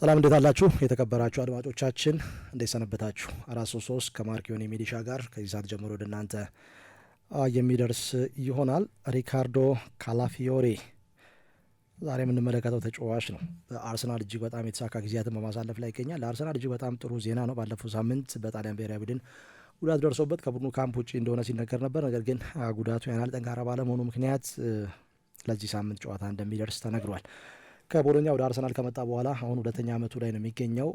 ሰላም እንዴት አላችሁ? የተከበራችሁ አድማጮቻችን እንዴት ሰነበታችሁ? አራት ሶስት ሶስት ከማርኪዮን የሚዲሻ ጋር ከዚህ ሰዓት ጀምሮ ወደ እናንተ የሚደርስ ይሆናል። ሪካርዶ ካላፊዮሪ ዛሬ የምንመለከተው ተጫዋች ነው። በአርሰናል እጅግ በጣም የተሳካ ጊዜያትን በማሳለፍ ላይ ይገኛል። ለአርሰናል እጅግ በጣም ጥሩ ዜና ነው። ባለፈው ሳምንት በጣሊያን ብሔራዊ ቡድን ጉዳት ደርሶበት ከቡድኑ ካምፕ ውጭ እንደሆነ ሲነገር ነበር። ነገር ግን ጉዳቱ ያናል ጠንካራ ባለመሆኑ ምክንያት ለዚህ ሳምንት ጨዋታ እንደሚደርስ ተነግሯል። ከቦሎኛ ወደ አርሰናል ከመጣ በኋላ አሁን ሁለተኛ ዓመቱ ላይ ነው የሚገኘው።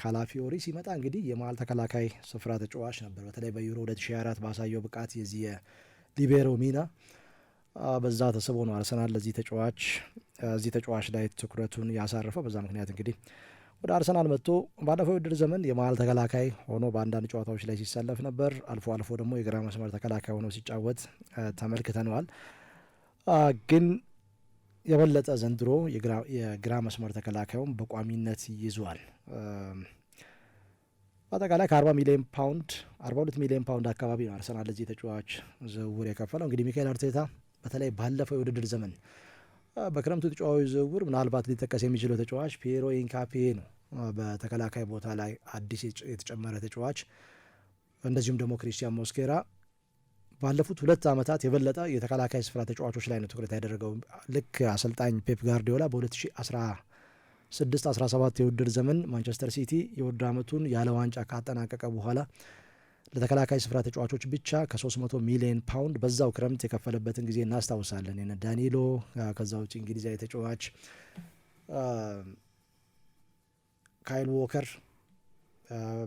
ካላፊዮሪ ሲመጣ እንግዲህ የመሀል ተከላካይ ስፍራ ተጫዋች ነበር። በተለይ በዩሮ 2024 ባሳየው ብቃት የዚህ የሊቤሮ ሚና በዛ ተስቦ ነው አርሰናል ለዚህ ተጫዋች እዚህ ተጫዋች ላይ ትኩረቱን ያሳረፈው። በዛ ምክንያት እንግዲህ ወደ አርሰናል መጥቶ ባለፈው ውድድር ዘመን የመሀል ተከላካይ ሆኖ በአንዳንድ ጨዋታዎች ላይ ሲሰለፍ ነበር። አልፎ አልፎ ደግሞ የግራ መስመር ተከላካይ ሆኖ ሲጫወት ተመልክተነዋል ግን የበለጠ ዘንድሮ የግራ መስመር ተከላካዩም በቋሚነት ይዟል። በአጠቃላይ ከ40 ሚሊዮን ፓውንድ 42 ሚሊዮን ፓውንድ አካባቢ ነው አርሰናል ለዚህ ተጫዋች ዝውውር የከፈለው። እንግዲህ ሚካኤል አርቴታ በተለይ ባለፈው የውድድር ዘመን በክረምቱ ተጫዋች ዝውውር ምናልባት ሊጠቀስ የሚችለው ተጫዋች ፒሮ ኢንካፒ ነው። በተከላካይ ቦታ ላይ አዲስ የተጨመረ ተጫዋች እንደዚሁም ደግሞ ክሪስቲያን ሞስኬራ ባለፉት ሁለት ዓመታት የበለጠ የተከላካይ ስፍራ ተጫዋቾች ላይ ነው ትኩረት ያደረገው። ልክ አሰልጣኝ ፔፕ ጋርዲዮላ በ2016 17 የውድድር ዘመን ማንቸስተር ሲቲ የውድድር ዓመቱን ያለ ዋንጫ ካጠናቀቀ በኋላ ለተከላካይ ስፍራ ተጫዋቾች ብቻ ከ300 ሚሊዮን ፓውንድ በዛው ክረምት የከፈለበትን ጊዜ እናስታውሳለን። የነ ዳኒሎ ከዛ ውጭ እንግሊዛዊ ተጫዋች ካይል ዎከር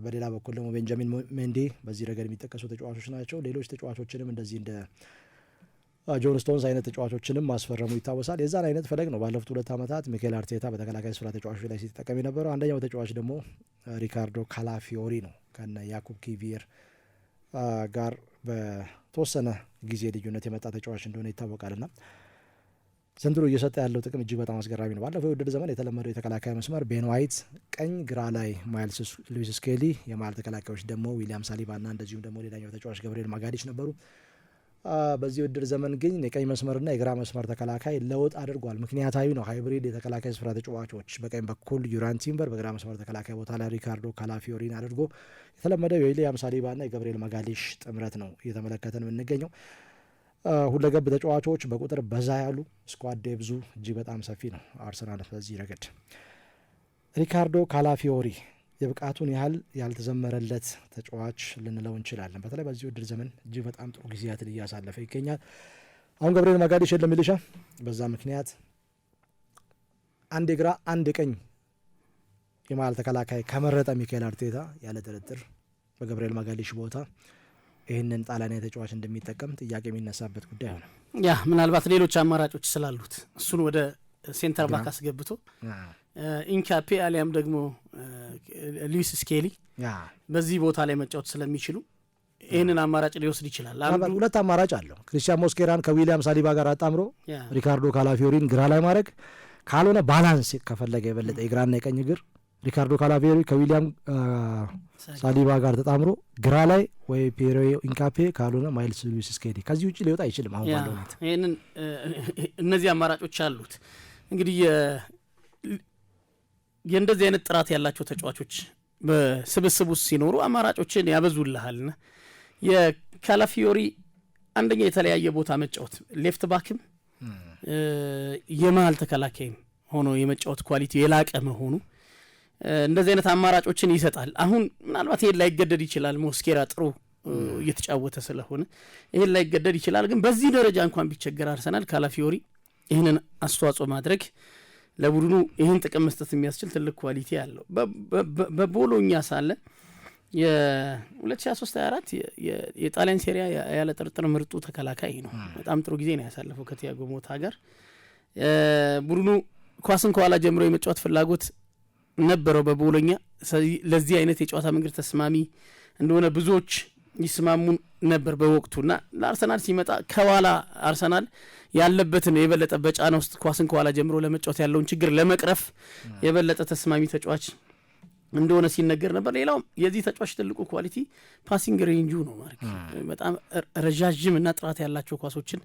በሌላ በኩል ደግሞ ቤንጃሚን ሜንዲ በዚህ ረገድ የሚጠቀሱ ተጫዋቾች ናቸው። ሌሎች ተጫዋቾችንም እንደዚህ እንደ ጆን ስቶንስ አይነት ተጫዋቾችንም ማስፈረሙ ይታወሳል። የዛን አይነት ፈለግ ነው ባለፉት ሁለት ዓመታት ሚካኤል አርቴታ በተከላካይ ስፍራ ተጫዋቾች ላይ ሲጠቀም የነበረው። አንደኛው ተጫዋች ደግሞ ሪካርዶ ካላፊዮሪ ነው ከነ ያኩብ ኪቪየር ጋር በተወሰነ ጊዜ ልዩነት የመጣ ተጫዋች እንደሆነ ይታወቃልና ዘንድሮ እየሰጠ ያለው ጥቅም እጅግ በጣም አስገራሚ ነው። ባለፈው የውድድር ዘመን የተለመደው የተከላካይ መስመር ቤን ዋይት ቀኝ፣ ግራ ላይ ማይልስ ሉዊስ ስኬሊ፣ የመሀል ተከላካዮች ደግሞ ዊሊያም ሳሊባና እንደዚሁም ደግሞ ሌላኛው ተጫዋች ገብርኤል ማጋዲች ነበሩ። በዚህ ውድድር ዘመን ግን የቀኝ መስመርና የግራ መስመር ተከላካይ ለውጥ አድርጓል። ምክንያታዊ ነው። ሃይብሪድ የተከላካይ ስፍራ ተጫዋቾች በቀኝ በኩል ዩራን ቲምበር፣ በግራ መስመር ተከላካይ ቦታ ላይ ሪካርዶ ካላፊዮሪን አድርጎ የተለመደው የዊሊያም ሳሊባና የገብርኤል ማጋሊሽ ጥምረት ነው እየተመለከተን የምንገኘው። ሁለገብ ተጫዋቾች በቁጥር በዛ ያሉ ስኳድ ደብዙ እጅግ በጣም ሰፊ ነው አርሰናል በዚህ ረገድ። ሪካርዶ ካላፊዮሪ የብቃቱን ያህል ያልተዘመረለት ተጫዋች ልንለው እንችላለን። በተለይ በዚህ ውድድር ዘመን እጅግ በጣም ጥሩ ጊዜያትን እያሳለፈ ይገኛል። አሁን ገብርኤል ማጋሌሽ የለም ሚልሻ በዛ ምክንያት አንድ ግራ አንድ ቀኝ የመሀል ተከላካይ ከመረጠ ሚካኤል አርቴታ ያለ ጥርጥር በገብርኤል ማጋሊሽ ቦታ ይህንን ጣሊያናዊ ተጫዋች እንደሚጠቀም ጥያቄ የሚነሳበት ጉዳይ ሆነ። ያ ምናልባት ሌሎች አማራጮች ስላሉት እሱን ወደ ሴንተር ባክ አስገብቶ ኢንካፔ አሊያም ደግሞ ሉዊስ ስኬሊ በዚህ ቦታ ላይ መጫወት ስለሚችሉ ይህንን አማራጭ ሊወስድ ይችላል። ሁለት አማራጭ አለው። ክሪስቲያን ሞስኬራን ከዊሊያም ሳሊባ ጋር አጣምሮ ሪካርዶ ካላፊዮሪን ግራ ላይ ማድረግ ካልሆነ ባላንስ ከፈለገ የበለጠ የግራና የቀኝ እግር ሪካርዶ ካላቬሪ ከዊሊያም ሳሊባ ጋር ተጣምሮ ግራ ላይ ወይ ፔሮ ኢንካፔ ካልሆነ ማይልስ ሉዊስ ስኬሊ ከዚህ ውጭ ሊወጣ አይችልም። አሁን ባለው ሁኔታ ይህንን እነዚህ አማራጮች አሉት። እንግዲህ የእንደዚህ አይነት ጥራት ያላቸው ተጫዋቾች በስብስብ ውስጥ ሲኖሩ አማራጮችን ና የካላፊዮሪ አንደኛ የተለያየ ቦታ መጫወት ሌፍት ባክም የመሀል ተከላካይም ሆኖ የመጫወት ኳሊቲ የላቀ መሆኑ እንደዚህ አይነት አማራጮችን ይሰጣል። አሁን ምናልባት ይሄን ላይገደድ ይችላል። ሞስኬራ ጥሩ እየተጫወተ ስለሆነ ይሄን ላይገደድ ይችላል። ግን በዚህ ደረጃ እንኳን ቢቸገር አርሰናል ካላፊዮሪ ይህንን አስተዋጽኦ ማድረግ ለቡድኑ ይህን ጥቅም መስጠት የሚያስችል ትልቅ ኳሊቲ አለው። በቦሎኛ ሳለ የ2023/24 የጣሊያን ሴሪያ ያለ ጥርጥር ምርጡ ተከላካይ ነው። በጣም ጥሩ ጊዜ ነው ያሳለፈው ከቲያጎ ሞታ ጋር ቡድኑ ኳስን ከኋላ ጀምሮ የመጫወት ፍላጎት ነበረው በቦሎኛ ለዚህ አይነት የጨዋታ መንገድ ተስማሚ እንደሆነ ብዙዎች ይስማሙ ነበር በወቅቱ እና ለአርሰናል ሲመጣ ከኋላ አርሰናል ያለበትን የበለጠ በጫና ውስጥ ኳስን ከኋላ ጀምሮ ለመጫወት ያለውን ችግር ለመቅረፍ የበለጠ ተስማሚ ተጫዋች እንደሆነ ሲነገር ነበር። ሌላውም የዚህ ተጫዋች ትልቁ ኳሊቲ ፓሲንግ ሬንጁ ነው። ማርክ በጣም ረዣዥም እና ጥራት ያላቸው ኳሶችን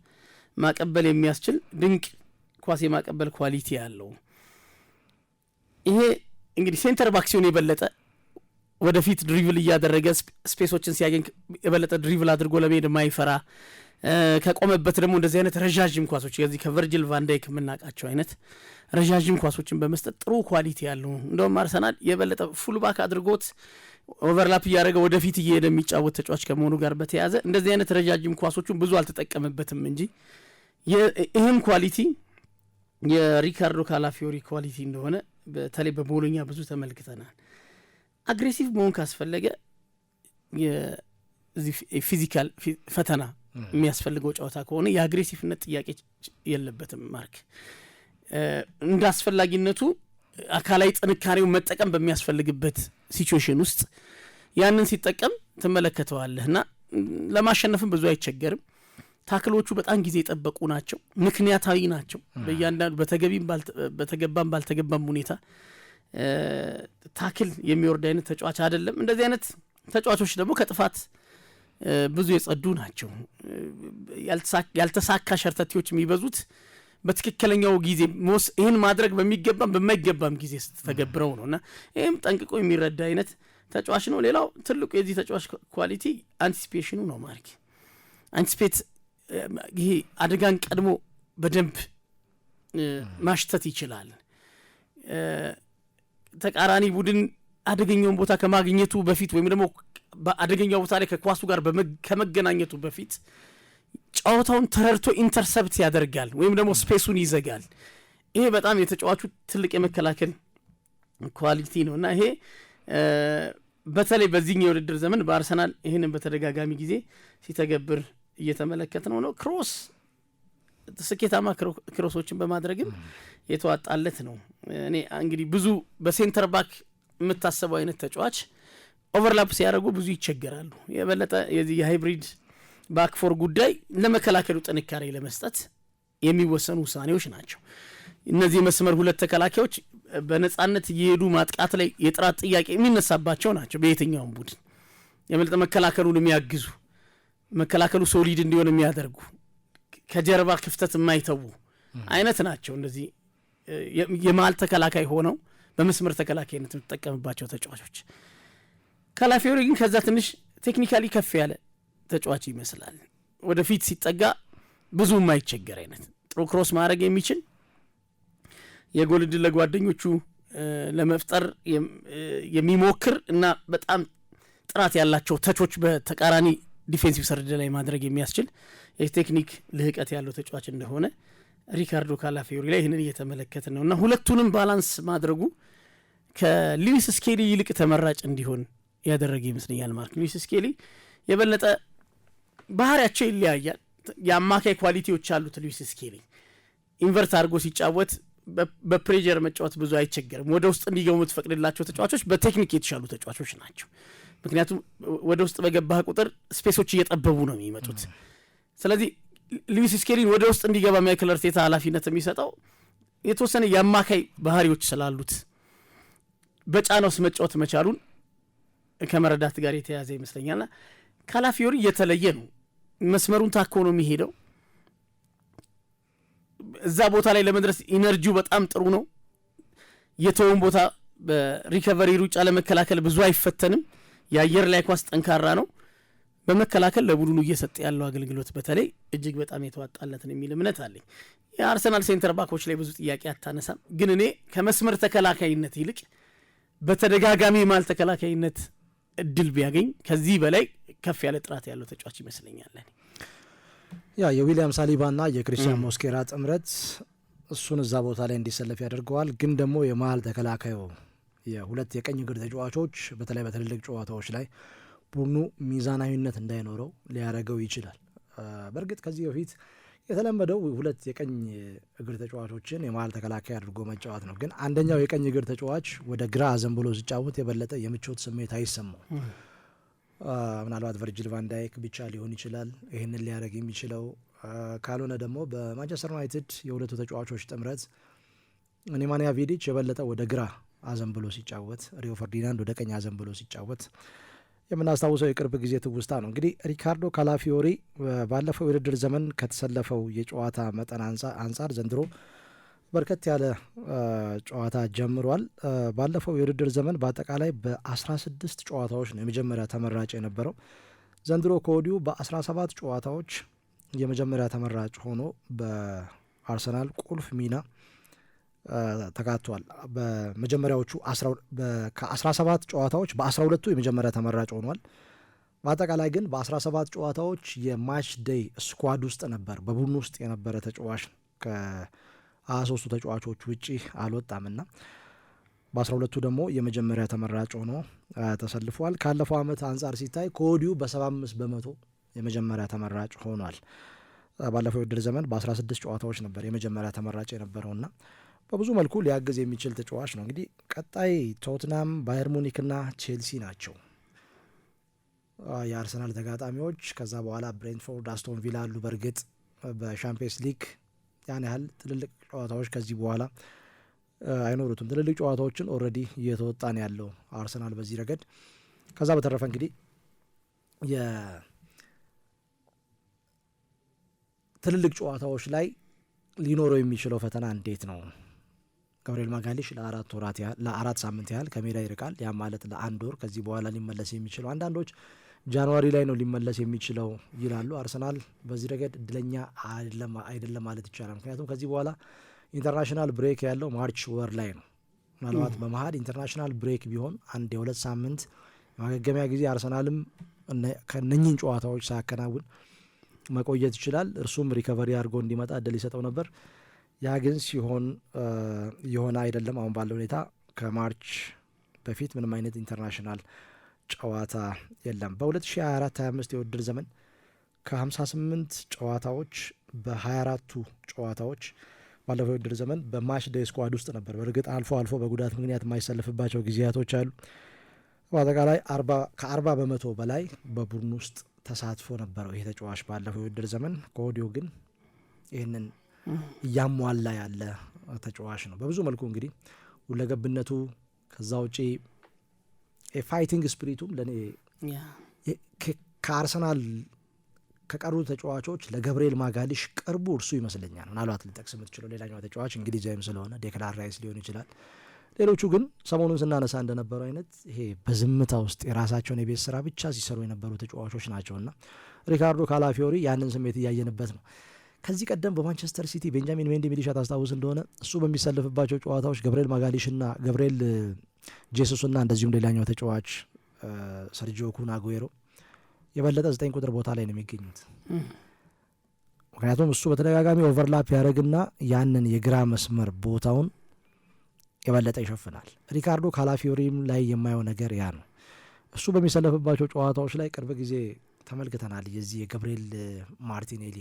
ማቀበል የሚያስችል ድንቅ ኳስ የማቀበል ኳሊቲ ያለው ይሄ እንግዲህ ሴንተር ባክ ሲሆን የበለጠ ወደፊት ድሪቭል እያደረገ ስፔሶችን ሲያገኝ የበለጠ ድሪቭል አድርጎ ለመሄድ ማይፈራ ከቆመበት ደግሞ እንደዚህ አይነት ረዣዥም ኳሶች ከዚህ ከቨርጅል ቫንዳይክ የምናውቃቸው አይነት ረዣዥም ኳሶችን በመስጠት ጥሩ ኳሊቲ ያለው እንደውም አርሰናል የበለጠ ፉልባክ አድርጎት ኦቨርላፕ እያደረገ ወደፊት እየሄደ የሚጫወት ተጫዋች ከመሆኑ ጋር በተያያዘ እንደዚህ አይነት ረዣዥም ኳሶቹን ብዙ አልተጠቀምበትም እንጂ ይህም ኳሊቲ የሪካርዶ ካላፊዮሪ ኳሊቲ እንደሆነ በተለይ በቦሎኛ ብዙ ተመልክተናል። አግሬሲቭ መሆን ካስፈለገ ፊዚካል ፈተና የሚያስፈልገው ጨዋታ ከሆነ የአግሬሲቭነት ጥያቄ የለበትም። ማርክ እንደ አስፈላጊነቱ አካላዊ ጥንካሬውን መጠቀም በሚያስፈልግበት ሲትዌሽን ውስጥ ያንን ሲጠቀም ትመለከተዋለህ እና ለማሸነፍም ብዙ አይቸገርም። ታክሎቹ በጣም ጊዜ የጠበቁ ናቸው፣ ምክንያታዊ ናቸው። በእያንዳንዱ በተገባም ባልተገባም ሁኔታ ታክል የሚወርድ አይነት ተጫዋች አይደለም። እንደዚህ አይነት ተጫዋቾች ደግሞ ከጥፋት ብዙ የጸዱ ናቸው። ያልተሳካ ሸርተቴዎች የሚበዙት በትክክለኛው ጊዜ ይህን ማድረግ በሚገባም በማይገባም ጊዜ ስትተገብረው ነው እና ይህም ጠንቅቆ የሚረዳ አይነት ተጫዋች ነው። ሌላው ትልቁ የዚህ ተጫዋች ኳሊቲ አንቲሲፔሽኑ ነው። ማርክ አንቲስፔት ይሄ አደጋን ቀድሞ በደንብ ማሽተት ይችላል። ተቃራኒ ቡድን አደገኛውን ቦታ ከማግኘቱ በፊት ወይም ደግሞ በአደገኛው ቦታ ላይ ከኳሱ ጋር ከመገናኘቱ በፊት ጨዋታውን ተረድቶ ኢንተርሰፕት ያደርጋል ወይም ደግሞ ስፔሱን ይዘጋል። ይሄ በጣም የተጫዋቹ ትልቅ የመከላከል ኳሊቲ ነው እና ይሄ በተለይ በዚህኛው የውድድር ዘመን በአርሰናል ይህንን በተደጋጋሚ ጊዜ ሲተገብር እየተመለከት ነው ነው ክሮስ ስኬታማ ክሮሶችን በማድረግም የተዋጣለት ነው። እኔ እንግዲህ ብዙ በሴንተር ባክ የምታሰበው አይነት ተጫዋች ኦቨርላፕ ሲያደርጉ ብዙ ይቸገራሉ። የበለጠ የዚህ የሃይብሪድ ባክፎር ጉዳይ ለመከላከሉ ጥንካሬ ለመስጠት የሚወሰኑ ውሳኔዎች ናቸው። እነዚህ መስመር ሁለት ተከላካዮች በነጻነት እየሄዱ ማጥቃት ላይ የጥራት ጥያቄ የሚነሳባቸው ናቸው። በየትኛውም ቡድን የበለጠ መከላከሉን የሚያግዙ መከላከሉ ሶሊድ እንዲሆን የሚያደርጉ ከጀርባ ክፍተት የማይተዉ አይነት ናቸው። እንደዚህ የመሀል ተከላካይ ሆነው በመስመር ተከላካይነት የምትጠቀምባቸው ተጫዋቾች። ካላፊዮሪ ግን ከዛ ትንሽ ቴክኒካሊ ከፍ ያለ ተጫዋች ይመስላል። ወደፊት ሲጠጋ ብዙ የማይቸገር አይነት ጥሩ ክሮስ ማድረግ የሚችል የጎል ዕድል ለጓደኞቹ ለመፍጠር የሚሞክር እና በጣም ጥራት ያላቸው ተቾች በተቃራኒ ዲፌንሲቭ ሰርድ ላይ ማድረግ የሚያስችል የቴክኒክ ልህቀት ያለው ተጫዋች እንደሆነ ሪካርዶ ካላፊዮሪ ላይ ይህንን እየተመለከት ነው እና ሁለቱንም ባላንስ ማድረጉ ከሉዊስ ስኬሊ ይልቅ ተመራጭ እንዲሆን ያደረገ ይመስለኛል። ማርክ ሉዊስ ስኬሊ የበለጠ ባህሪያቸው ይለያያል። የአማካይ ኳሊቲዎች አሉት። ሉዊስ ስኬሊ ኢንቨርት አድርጎ ሲጫወት በፕሬጀር መጫወት ብዙ አይቸገርም። ወደ ውስጥ እንዲገቡ የምትፈቅድላቸው ተጫዋቾች በቴክኒክ የተሻሉ ተጫዋቾች ናቸው። ምክንያቱም ወደ ውስጥ በገባህ ቁጥር ስፔሶች እየጠበቡ ነው የሚመጡት። ስለዚህ ሉዊስ ስኬሊን ወደ ውስጥ እንዲገባ ማይክል እርቴታ ኃላፊነት የሚሰጠው የተወሰነ የአማካይ ባህሪዎች ስላሉት በጫናውስ መጫወት መቻሉን ከመረዳት ጋር የተያያዘ ይመስለኛልና ካላፊዮሪ እየተለየ ነው። መስመሩን ታኮ ነው የሚሄደው። እዛ ቦታ ላይ ለመድረስ ኢነርጂው በጣም ጥሩ ነው። የተወውን ቦታ በሪከቨሪ ሩጫ ለመከላከል ብዙ አይፈተንም። የአየር ላይ ኳስ ጠንካራ ነው። በመከላከል ለቡድኑ እየሰጠ ያለው አገልግሎት በተለይ እጅግ በጣም የተዋጣለትን የሚል እምነት አለኝ። የአርሰናል ሴንተር ባኮች ላይ ብዙ ጥያቄ አታነሳም፣ ግን እኔ ከመስመር ተከላካይነት ይልቅ በተደጋጋሚ ማል ተከላካይነት እድል ቢያገኝ ከዚህ በላይ ከፍ ያለ ጥራት ያለው ተጫዋች ይመስለኛለን። ያ የዊሊያም ሳሊባና የክሪስቲያን ሞስኬራ ጥምረት እሱን እዛ ቦታ ላይ እንዲሰለፍ ያደርገዋል። ግን ደግሞ የመሀል ተከላካዩ የሁለት የቀኝ እግር ተጫዋቾች በተለይ በትልልቅ ጨዋታዎች ላይ ቡድኑ ሚዛናዊነት እንዳይኖረው ሊያደርገው ይችላል። በእርግጥ ከዚህ በፊት የተለመደው ሁለት የቀኝ እግር ተጫዋቾችን የመሀል ተከላካይ አድርጎ መጫወት ነው። ግን አንደኛው የቀኝ እግር ተጫዋች ወደ ግራ ዘንብሎ ሲጫወት የበለጠ የምቾት ስሜት አይሰማው። ምናልባት ቨርጅል ቫንዳይክ ብቻ ሊሆን ይችላል ይህንን ሊያደርግ የሚችለው። ካልሆነ ደግሞ በማንቸስተር ዩናይትድ የሁለቱ ተጫዋቾች ጥምረት ኔማንያ ቪዲች የበለጠ ወደ ግራ አዘን ብሎ ሲጫወት፣ ሪዮ ፈርዲናንድ ወደ ቀኝ አዘን ብሎ ሲጫወት የምናስታውሰው የቅርብ ጊዜ ትውስታ ነው። እንግዲህ ሪካርዶ ካላፊዮሪ ባለፈው የውድድር ዘመን ከተሰለፈው የጨዋታ መጠን አንጻር ዘንድሮ በርከት ያለ ጨዋታ ጀምሯል። ባለፈው የውድድር ዘመን በአጠቃላይ በ16 ጨዋታዎች ነው የመጀመሪያ ተመራጭ የነበረው። ዘንድሮ ከወዲሁ በ17 ጨዋታዎች የመጀመሪያ ተመራጭ ሆኖ በአርሰናል ቁልፍ ሚና ተካቷል። በመጀመሪያዎቹ ከ17 ጨዋታዎች በ 12 የመጀመሪያ ተመራጭ ሆኗል። በአጠቃላይ ግን በ17 ጨዋታዎች የማች ደይ ስኳድ ውስጥ ነበር። በቡድን ውስጥ የነበረ ተጫዋች ከ23ቱ ተጫዋቾች ውጪ አልወጣምና በ12ቱ ደግሞ የመጀመሪያ ተመራጭ ሆኖ ተሰልፏል። ካለፈው ዓመት አንጻር ሲታይ ከወዲሁ በ75 በመቶ የመጀመሪያ ተመራጭ ሆኗል። ባለፈው የውድድር ዘመን በ16 ጨዋታዎች ነበር የመጀመሪያ ተመራጭ የነበረውና በብዙ መልኩ ሊያግዝ የሚችል ተጫዋች ነው። እንግዲህ ቀጣይ ቶትናም፣ ባየር ሙኒክና ቼልሲ ናቸው የአርሰናል ተጋጣሚዎች። ከዛ በኋላ ብሬንትፎርድ፣ አስቶን ቪላ አሉ። በእርግጥ በሻምፒየንስ ሊግ ያን ያህል ትልልቅ ጨዋታዎች ከዚህ በኋላ አይኖሩትም። ትልልቅ ጨዋታዎችን ኦልሬዲ እየተወጣ ነው ያለው አርሰናል በዚህ ረገድ። ከዛ በተረፈ እንግዲህ የትልልቅ ጨዋታዎች ላይ ሊኖረው የሚችለው ፈተና እንዴት ነው? ገብርኤል ማጋሊሽ ለአራት ወራት ያህል ለአራት ሳምንት ያህል ከሜዳ ይርቃል። ያም ማለት ለአንድ ወር ከዚህ በኋላ ሊመለስ የሚችለው አንዳንዶች ጃንዋሪ ላይ ነው ሊመለስ የሚችለው ይላሉ። አርሰናል በዚህ ረገድ እድለኛ አይደለም ማለት ይቻላል። ምክንያቱም ከዚህ በኋላ ኢንተርናሽናል ብሬክ ያለው ማርች ወር ላይ ነው። ምናልባት በመሀል ኢንተርናሽናል ብሬክ ቢሆን አንድ የሁለት ሳምንት ማገገሚያ ጊዜ አርሰናልም ከነኝን ጨዋታዎች ሳያከናውን መቆየት ይችላል። እርሱም ሪከቨሪ አድርጎ እንዲመጣ እድል ይሰጠው ነበር። ያ ግን ሲሆን የሆነ አይደለም። አሁን ባለው ሁኔታ ከማርች በፊት ምንም አይነት ኢንተርናሽናል ጨዋታ የለም። በ2024 25 የውድድር ዘመን ከ58 ጨዋታዎች በ24ቱ ጨዋታዎች ባለፈው የውድድር ዘመን በማች ዴይ ስኳድ ውስጥ ነበር። በእርግጥ አልፎ አልፎ በጉዳት ምክንያት የማይሰልፍባቸው ጊዜያቶች አሉ። በአጠቃላይ ከአርባ በመቶ በላይ በቡድን ውስጥ ተሳትፎ ነበረው ይሄ ተጫዋች ባለፈው የውድድር ዘመን ከወዲሁ ግን ይህንን እያሟላ ያለ ተጫዋች ነው። በብዙ መልኩ እንግዲህ ሁለገብነቱ፣ ከዛ ውጪ የፋይቲንግ ስፒሪቱም ለእኔ ከአርሰናል ከቀሩ ተጫዋቾች ለገብርኤል ማጋሊሽ ቅርቡ እርሱ ይመስለኛል። ምናልባት ልጠቅስ የምትችለው ሌላኛው ተጫዋች እንግሊዛዊም ስለሆነ ዴክላን ራይስ ሊሆን ይችላል። ሌሎቹ ግን ሰሞኑን ስናነሳ እንደነበሩ አይነት ይሄ በዝምታ ውስጥ የራሳቸውን የቤት ስራ ብቻ ሲሰሩ የነበሩ ተጫዋቾች ናቸውና ሪካርዶ ካላፊዮሪ ያንን ስሜት እያየንበት ነው። ከዚህ ቀደም በማንቸስተር ሲቲ ቤንጃሚን ሜንዲ ሚሊሻ ታስታውስ እንደሆነ እሱ በሚሰልፍባቸው ጨዋታዎች ገብርኤል ና ገብርኤል ጄሱስና እንደዚሁም ሌላኛው ተጫዋች ሰርጂዮ ኩን አጉዌሮ የበለጠ ዘጠኝ ቁጥር ቦታ ላይ ነው የሚገኙት። ምክንያቱም እሱ በተደጋጋሚ ኦቨርላፕ ያደረግና ያንን የግራ መስመር ቦታውን የበለጠ ይሸፍናል። ሪካርዶ ካላፊዮሪም ላይ የማየው ነገር ያ ነው። እሱ በሚሰለፍባቸው ጨዋታዎች ላይ ቅርብ ጊዜ ተመልክተናል። የዚህ የገብርኤል ማርቲኔሊ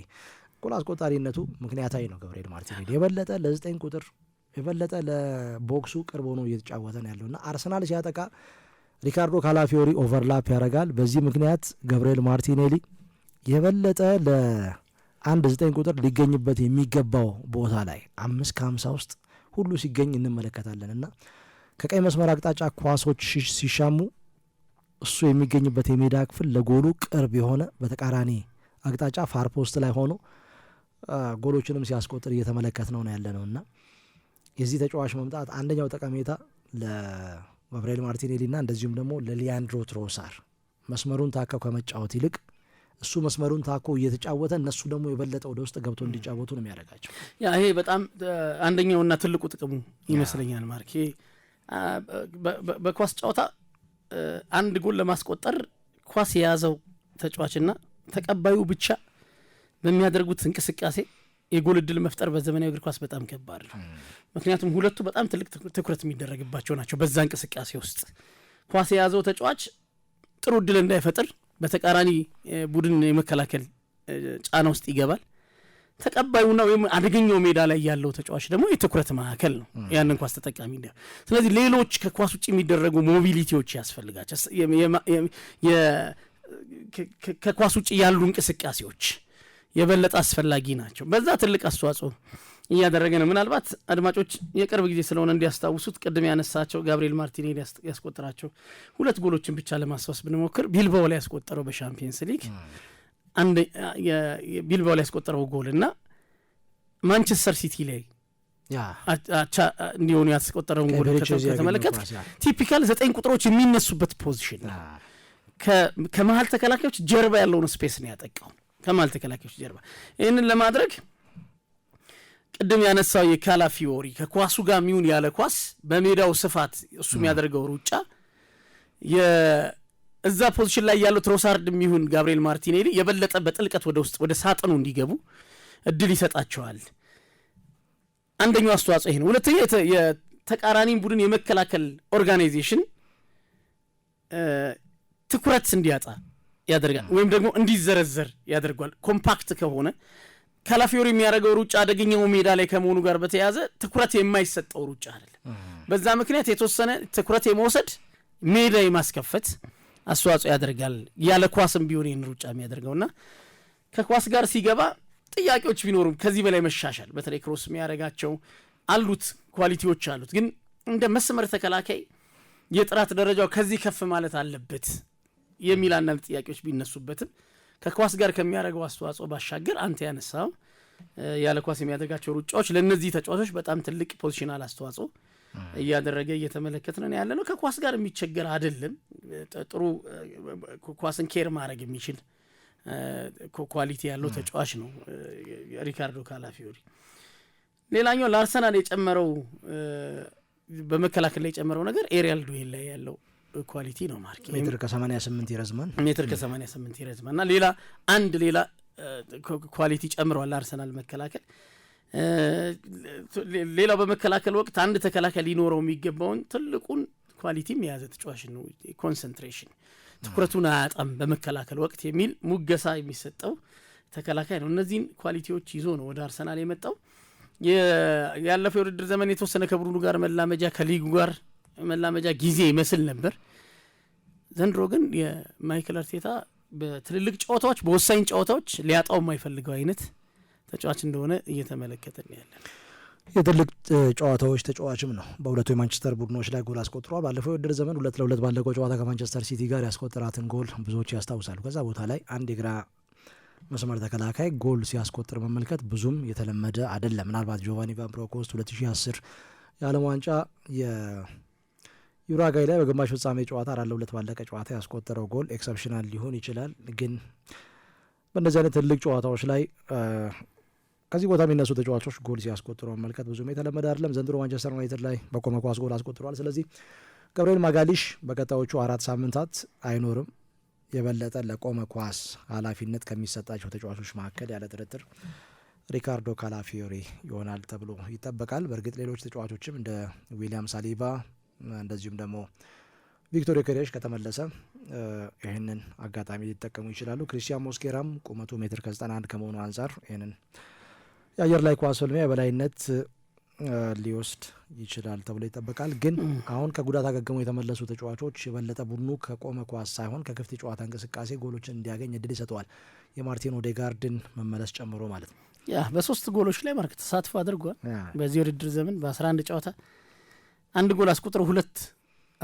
ጎል አስቆጣሪነቱ ምክንያታዊ ነው። ገብርኤል ማርቲኔሊ የበለጠ ለዘጠኝ ቁጥር የበለጠ ለቦክሱ ቅርብ ሆኖ እየተጫወተ ነው ያለው እና አርሰናል ሲያጠቃ ሪካርዶ ካላፊዮሪ ኦቨርላፕ ያደርጋል። በዚህ ምክንያት ገብርኤል ማርቲኔሊ የበለጠ ለአንድ ዘጠኝ ቁጥር ሊገኝበት የሚገባው ቦታ ላይ አምስት ከሀምሳ ውስጥ ሁሉ ሲገኝ እንመለከታለን እና ከቀይ መስመር አቅጣጫ ኳሶች ሲሻሙ እሱ የሚገኝበት የሜዳ ክፍል ለጎሉ ቅርብ የሆነ በተቃራኒ አቅጣጫ ፋርፖስት ላይ ሆኖ ጎሎችንም ሲያስቆጥር እየተመለከት ነው ነው ያለ ነው እና የዚህ ተጫዋች መምጣት አንደኛው ጠቀሜታ ለጋብርኤል ና እንደዚሁም ደግሞ ለሊያንድሮ ትሮሳር መስመሩን ታከው ከመጫወት ይልቅ እሱ መስመሩን ታኮ እየተጫወተ እነሱ ደግሞ የበለጠ ወደ ውስጥ ገብቶ እንዲጫወቱ ነው የሚያደርጋቸው። ያ ይሄ በጣም አንደኛውና ትልቁ ጥቅሙ ይመስለኛል። ማርክ በኳስ ጨዋታ አንድ ጎል ለማስቆጠር ኳስ የያዘው ተጫዋችና ተቀባዩ ብቻ በሚያደርጉት እንቅስቃሴ የጎል እድል መፍጠር በዘመናዊ እግር ኳስ በጣም ከባድ ነው። ምክንያቱም ሁለቱ በጣም ትልቅ ትኩረት የሚደረግባቸው ናቸው። በዛ እንቅስቃሴ ውስጥ ኳስ የያዘው ተጫዋች ጥሩ እድል እንዳይፈጥር በተቃራኒ ቡድን የመከላከል ጫና ውስጥ ይገባል። ተቀባዩና ወይም አደገኛው ሜዳ ላይ ያለው ተጫዋች ደግሞ የትኩረት ማዕከል ነው፣ ያንን ኳስ ተጠቃሚ እንዲ። ስለዚህ ሌሎች ከኳስ ውጭ የሚደረጉ ሞቢሊቲዎች ያስፈልጋቸው ከኳስ ውጭ ያሉ እንቅስቃሴዎች የበለጠ አስፈላጊ ናቸው። በዛ ትልቅ አስተዋጽኦ እያደረገ ነው። ምናልባት አድማጮች የቅርብ ጊዜ ስለሆነ እንዲያስታውሱት ቅድም ያነሳቸው ጋብሪኤል ማርቲኔሊ ያስቆጠራቸው ሁለት ጎሎችን ብቻ ለማስታወስ ብንሞክር ቢልባው ላይ ያስቆጠረው በሻምፒየንስ ሊግ ቢልባው ላይ ያስቆጠረው ጎል እና ማንቸስተር ሲቲ ላይ አቻ እንዲሆኑ ያስቆጠረውን ጎል ከተመለከት ቲፒካል ዘጠኝ ቁጥሮች የሚነሱበት ፖዚሽን ከመሀል ተከላካዮች ጀርባ ያለውን ስፔስ ነው ያጠቀው። ከማል ተከላካዮች ጀርባ ይህንን ለማድረግ ቅድም ያነሳው የካላፊዮሪ ከኳሱ ጋር የሚሆን ያለ ኳስ በሜዳው ስፋት እሱ የሚያደርገው ሩጫ እዛ ፖዚሽን ላይ ያለው ትሮሳርድ የሚሆን ጋብሪኤል ማርቲኔሊ የበለጠ በጥልቀት ወደ ውስጥ ወደ ሳጥኑ እንዲገቡ እድል ይሰጣቸዋል። አንደኛው አስተዋጽኦ ይሄ ነው። ሁለተኛ የተቃራኒን ቡድን የመከላከል ኦርጋናይዜሽን ትኩረት እንዲያጣ ያደርጋል ወይም ደግሞ እንዲዘረዘር ያደርጓል። ኮምፓክት ከሆነ ካላፊዮሪ የሚያደርገው ሩጫ አደገኛው ሜዳ ላይ ከመሆኑ ጋር በተያዘ ትኩረት የማይሰጠው ሩጫ አይደለም። በዛ ምክንያት የተወሰነ ትኩረት የመውሰድ ሜዳ የማስከፈት አስተዋጽኦ ያደርጋል። ያለ ኳስም ቢሆን ይህን ሩጫ ና ከኳስ ጋር ሲገባ ጥያቄዎች ቢኖሩም ከዚህ በላይ መሻሻል በተለይ ክሮስ የሚያደርጋቸው አሉት ኳሊቲዎች አሉት። ግን እንደ መስመር ተከላካይ የጥራት ደረጃው ከዚህ ከፍ ማለት አለበት የሚል አንዳንድ ጥያቄዎች ቢነሱበትም ከኳስ ጋር ከሚያደርገው አስተዋጽኦ ባሻገር አንተ ያነሳው ያለ ኳስ የሚያደርጋቸው ሩጫዎች ለእነዚህ ተጫዋቾች በጣም ትልቅ ፖዚሽናል አስተዋጽኦ እያደረገ እየተመለከትን ያለ ነው። ከኳስ ጋር የሚቸገር አይደለም። ጥሩ ኳስን ኬር ማድረግ የሚችል ኳሊቲ ያለው ተጫዋች ነው ሪካርዶ ካላፊዮሪ። ሌላኛው ለአርሰናል የጨመረው በመከላከል ላይ የጨመረው ነገር ኤሪያል ዱዌል ላይ ያለው ኳሊቲ ነው። ማርክ ሜትር ከ88 ይረዝማል። ሜትር ከ88 ይረዝማል ና ሌላ አንድ ሌላ ኳሊቲ ጨምረዋል አርሰናል መከላከል። ሌላው በመከላከል ወቅት አንድ ተከላካይ ሊኖረው የሚገባውን ትልቁን ኳሊቲም የያዘ ተጫዋች ነው። ኮንሰንትሬሽን፣ ትኩረቱን አያጣም በመከላከል ወቅት የሚል ሙገሳ የሚሰጠው ተከላካይ ነው። እነዚህን ኳሊቲዎች ይዞ ነው ወደ አርሰናል የመጣው። ያለፈው የውድድር ዘመን የተወሰነ ከብሩኑ ጋር መላመጃ ከሊጉ ጋር መላመጃ ጊዜ ይመስል ነበር። ዘንድሮ ግን የማይክል አርቴታ በትልልቅ ጨዋታዎች፣ በወሳኝ ጨዋታዎች ሊያጣው የማይፈልገው አይነት ተጫዋች እንደሆነ እየተመለከትን ያለን የትልቅ ጨዋታዎች ተጫዋችም ነው። በሁለቱ የማንቸስተር ቡድኖች ላይ ጎል አስቆጥሯል። ባለፈው የውድድር ዘመን ሁለት ለሁለት ባለቀው ጨዋታ ከማንቸስተር ሲቲ ጋር ያስቆጠራትን ጎል ብዙዎች ያስታውሳሉ። ከዛ ቦታ ላይ አንድ የግራ መስመር ተከላካይ ጎል ሲያስቆጥር መመልከት ብዙም የተለመደ አይደለም። ምናልባት ጆቫኒ ቫን ብሮንክሆርስት 2010 የዓለም ዋንጫ ዩራጋይ ላይ በግማሽ ፍጻሜ ጨዋታ አራት ለሁለት ባለቀ ጨዋታ ያስቆጠረው ጎል ኤክሰፕሽናል ሊሆን ይችላል። ግን በእነዚህ አይነት ትልቅ ጨዋታዎች ላይ ከዚህ ቦታ የሚነሱ ተጫዋቾች ጎል ሲያስቆጥሩ መመልከት ብዙም የተለመደ አይደለም። ዘንድሮ ማንቸስተር ዩናይትድ ላይ በቆመ ኳስ ጎል አስቆጥሯል። ስለዚህ ገብርኤል ማጋሊሽ በቀጣዮቹ አራት ሳምንታት አይኖርም። የበለጠ ለቆመ ኳስ ኃላፊነት ከሚሰጣቸው ተጫዋቾች መካከል ያለ ጥርጥር ሪካርዶ ካላፊዮሪ ይሆናል ተብሎ ይጠበቃል። በእርግጥ ሌሎች ተጫዋቾችም እንደ ዊሊያም ሳሊባ እንደዚሁም ደግሞ ቪክቶሪ ክሬሽ ከተመለሰ ይህንን አጋጣሚ ሊጠቀሙ ይችላሉ። ክሪስቲያን ሞስኬራም ቁመቱ ሜትር ከ91 ከመሆኑ አንጻር ይህንን የአየር ላይ ኳስ ፍልሚያ የበላይነት ሊወስድ ይችላል ተብሎ ይጠበቃል። ግን አሁን ከጉዳት አገግመው የተመለሱ ተጫዋቾች የበለጠ ቡድኑ ከቆመ ኳስ ሳይሆን ከክፍት የጨዋታ እንቅስቃሴ ጎሎችን እንዲያገኝ እድል ይሰጠዋል። የማርቲን ኦዴጋርድን መመለስ ጨምሮ ማለት ነው። ያ በሶስት ጎሎች ላይ ማርክ ተሳትፎ አድርጓል። በዚህ ውድድር ዘመን በ11 ጨዋታ አንድ ጎል አስቆጥሮ ሁለት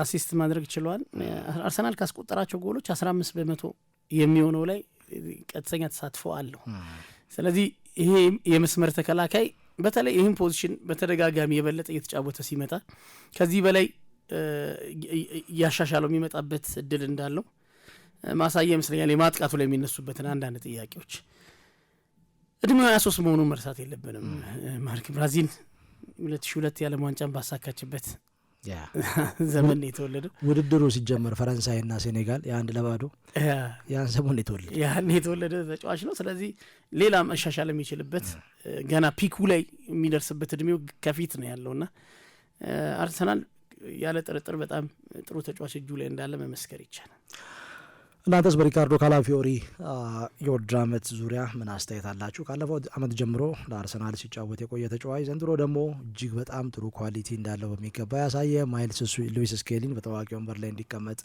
አሲስት ማድረግ ችለዋል። አርሰናል ካስቆጠራቸው ጎሎች አስራ አምስት በመቶ የሚሆነው ላይ ቀጥተኛ ተሳትፎ አለው። ስለዚህ ይሄ የመስመር ተከላካይ በተለይ ይህን ፖዚሽን በተደጋጋሚ የበለጠ እየተጫወተ ሲመጣ ከዚህ በላይ እያሻሻለው የሚመጣበት እድል እንዳለው ማሳያ ይመስለኛል። የማጥቃቱ ላይ የሚነሱበትን አንዳንድ ጥያቄዎች እድሜው ሀያ ሶስት መሆኑን መርሳት የለብንም። ማርክ ብራዚል ሁለት ሺ ሁለት የዓለም ዋንጫን ባሳካችበት ዘመን የተወለደ የተወለደው። ውድድሩ ሲጀመር ፈረንሳይና ሴኔጋል የአንድ ለባዶ ያን ሰሞን የተወለደ ያን የተወለደ ተጫዋች ነው። ስለዚህ ሌላ መሻሻል የሚችልበት ገና ፒኩ ላይ የሚደርስበት እድሜው ከፊት ነው ያለውና አርሰናል ያለ ጥርጥር በጣም ጥሩ ተጫዋች እጁ ላይ እንዳለ መመስከር ይቻላል። እናንተስ በሪካርዶ ካላፊዮሪ የወድር አመት ዙሪያ ምን አስተያየት አላችሁ? ካለፈው አመት ጀምሮ ለአርሰናል ሲጫወት የቆየ ተጫዋች ዘንድሮ ደግሞ እጅግ በጣም ጥሩ ኳሊቲ እንዳለው በሚገባ ያሳየ ማይልስ ሉዊስ ስኬሊን በታዋቂ ወንበር ላይ እንዲቀመጥ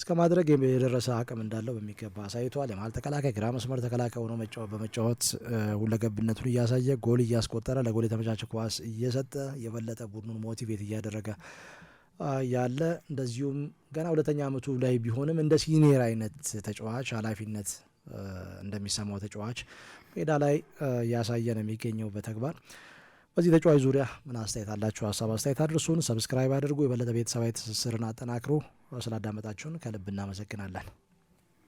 እስከ ማድረግ የደረሰ አቅም እንዳለው በሚገባ አሳይቷል። የመሀል ተከላካይ፣ ግራ መስመር ተከላካይ ሆኖ በመጫወት ሁለገብነቱን እያሳየ ጎል እያስቆጠረ፣ ለጎል የተመቻቸ ኳስ እየሰጠ የበለጠ ቡድኑን ሞቲቬት እያደረገ ያለ እንደዚሁም ገና ሁለተኛ ዓመቱ ላይ ቢሆንም እንደ ሲኒየር አይነት ተጫዋች ኃላፊነት እንደሚሰማው ተጫዋች ሜዳ ላይ እያሳየ ነው የሚገኘው በተግባር። በዚህ ተጫዋች ዙሪያ ምን አስተያየት አላችሁ? ሀሳብ አስተያየት አድርሱን። ሰብስክራይብ አድርጉ። የበለጠ ቤተሰባዊ ትስስርን አጠናክሩ። ስላዳመጣችሁን ከልብ እናመሰግናለን።